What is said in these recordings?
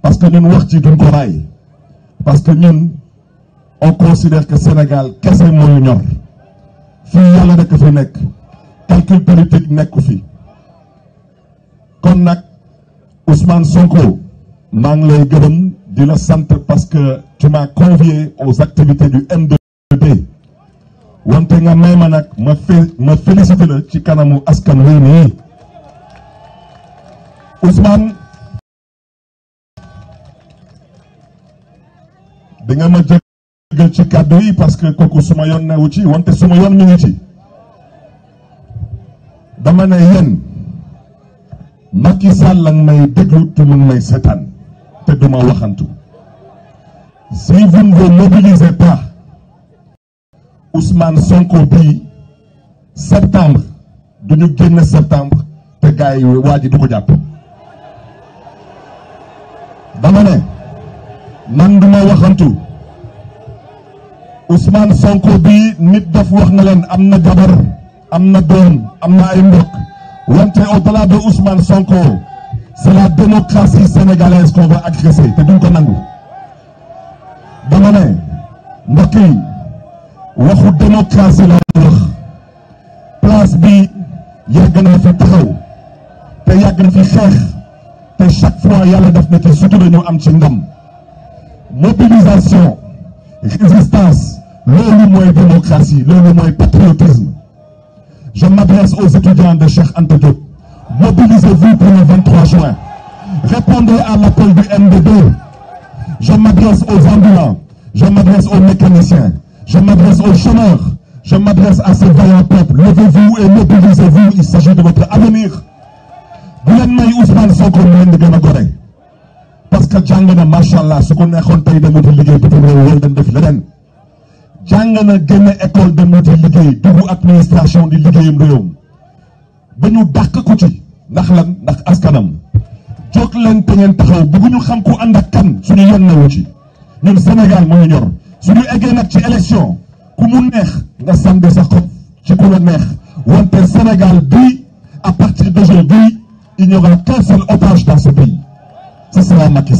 parce que ñun wax ci duñ ko bàyyi parce que ñun on considère que Sénégal kese moo ñu ñor fii yàlla rekk fi nekk calcul politique nekku fi kon nag Ousmane Sonko maa ngi lay gërëm di sant parce que tu m'as convié aux activités du m wante nga may ma nag ma fé la ci kanamu askan wi nii Ousmane. di nga ma jëgal ci kàddu yi parce que kooku suma yoon newu ci wante suma yoon mi ci dama ne yéen Macky Sall la may déglu te may seetaan te duma waxantu si vous ne vous mobilisez pas Sonko bi septembre du ñu génn septembre te gars yi waa ji du ko jàpp dama ne man du ma waxantu Ousmane Sonko bii nit daf wax na leen am na jabar am na doom am na ay mbokk wante au-delà de Sonko c'est la démocratie sénégalaise qu'on va agresser te duñ ko nangu dama ne mbokk yi waxu démocratie la wax place bi yàgg na fi taxaw te yàgg na fi xeex te chaque fois yàlla daf na te surtout dañoo am ci ndam mobilisation résistance loolu mooy démocratie loolu mooy patriotisme je m'adresse aux étudiants de Cheikh Anta mobilisez-vous pour le 23 répondez à l'appel du MDD je m'adresse aux ambulants je m'adresse aux mécaniciens je m'adresse aux chômeurs je m'adresse à ce vaillant peuple levez-vous et mobilisez-vous il s'agit de votre avenir bu leen may Ousmane Sonko mu leen a que jàng na macha allah su ko neexoon tey dem wuti liggéey bitim réew wala dem def leneen jàng na génn école dem wuti liggéey dugg administration di liggéeyam réewam ba ñu dàq ko ci la lan ndax askanam jóg leen te ngeen taxaw bëgguñu xam ku ànd ak kan suñu yoon na wu ci ñun Sénégal mooy ñor suñu eggee nag ci élection ku mu neex nga sànni a xob ci ku la neex wante Sénégal bii à partir d'aujourd'hui il n'y aura qu'un seul otage dans ce pays. ce sera Macky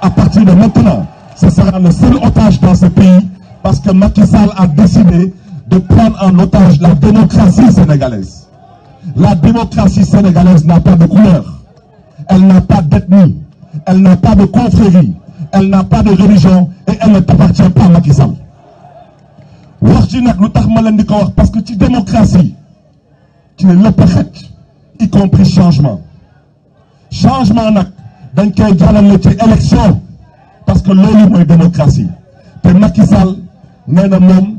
À partir de maintenant, ce sera le seul otage dans ce pays parce que Macky Sall a décidé de prendre en otage la démocratie sénégalaise. La démocratie sénégalaise n'a pas de couleur, elle n'a pas d'ethnie, elle n'a pas de confrérie, elle n'a pas de religion et elle ne t'appartient pas à Macky Sall. wax ji tax ma leen di ko wax parce que ci démocratie ci lépp xaj y compris changement changement nag dañ koy a ci élection parce que loolu mooy démocratie te Macky Sall nee na moom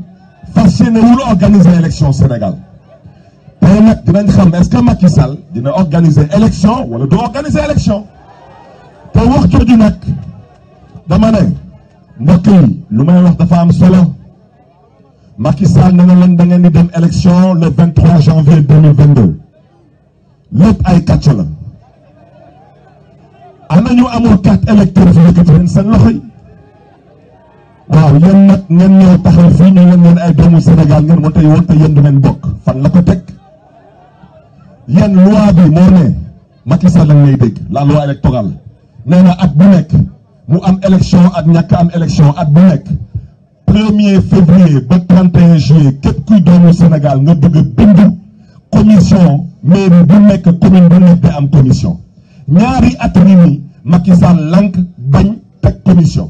fas yéene wul organiser élection Sénégal tey nag dinañ xam Sall dina organiser élection wala du organiser élection te wax jooju nag dama ne mbokk yi lu may wax dafa am solo Macky Sall nee na leen da ngeen di dem élection le 23 janvier 2022 lépp ay kàcc la. am na ñu amul carte électeur fi yëkkati leen seen loxo yi waaw yéen nag ngeen ñëw taxaw fii ñu ngeen ay doomu Sénégal ngeen wante yoon te yéen du ngeen bokk fan la ko teg yéen loi bi moo ne Macky Sall lañ lay dégg la loi électorale nee na at bu nekk mu am élection ak ñàkk am élection at bu nekk premier février ba 31 juillet képp kuy doomu Sénégal nga bëgg bindu commission mairie bu nekk commune bu nekk day am commission ñaari at mi nii Macky Sall lank bañ teg commission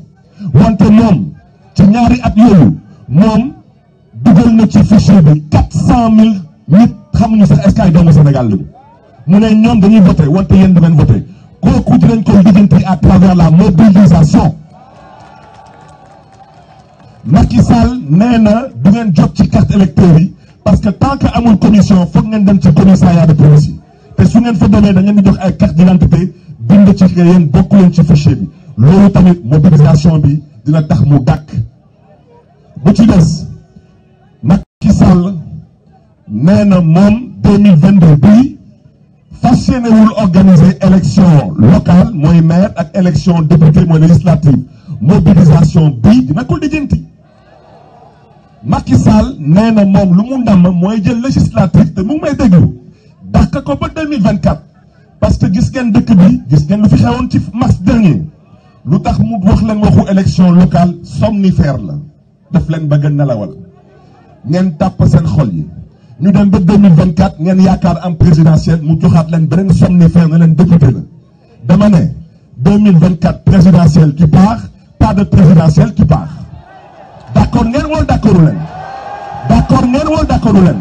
wante moom ci ñaari at yooyu moom dugal na ci fichier bi quatre mille nit xamuñu sax est que ay doomu Sénégal lañu mu ne ñoom dañuy voté wante yéen du ngeen voté kooku dinañ ko lijjanti à travers la mobilisation Macky Sall nee na du ngeen jot ci carte électeur yi parce que tant que amul commission foog ngeen dem ci commissariat de police te su ngeen fa demee da ngeen di jox ay carte d'identité bind ci yéen bokk leen ci fichier bi loolu tamit mobilisation bi dina tax mu gàkk bu ci des Macky Sall nee na moom 2022 bii fas yéenewul organiser élection locale mooy ak élection député mooy législative mobilisation bii dina ko lijjanti Macky na moom lu mu ndam mooy jël législative te mu ngi may déglu dàq ko ba 2024 parce que gis ngeen dëkk bi gis ngeen lu fi xewoon ci mas dernier lu tax mu wax leen waxu élection locale somnifère la daf leen bëgg a nelawal ngeen tàpp seen xol yi ñu dem ba 2024 ngeen yaakaar am présidentielle mu joxaat leen beneen somnifère ne leen député la dama ne 2024 présidentielle qui part pas de présidentielle qui part d'accord ngeen wala d'accordu leen d'accord ngeen wala d'accordu leen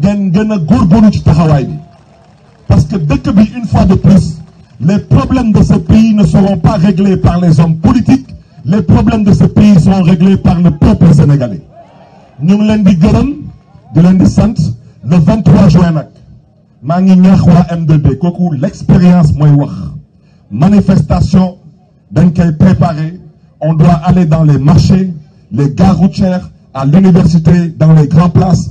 ngeen gën a góorgóorlu ci taxawaay bi parce que dëkk bi une fois de plus les problèmes de ce pays ne seront pas réglés par les hommes politiques les problèmes de ce pays sont réglés par le peuple sénégalais ñu ngi leen di gërëm di leen di sant le 23 juin nag maa ngi ñaax waa M2D kooku mooy wax manifestation dañ koy préparer on doit aller dans les marchés les gares routières à l'université dans les grandes places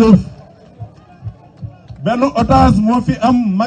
jaajëf benn otage moo fi am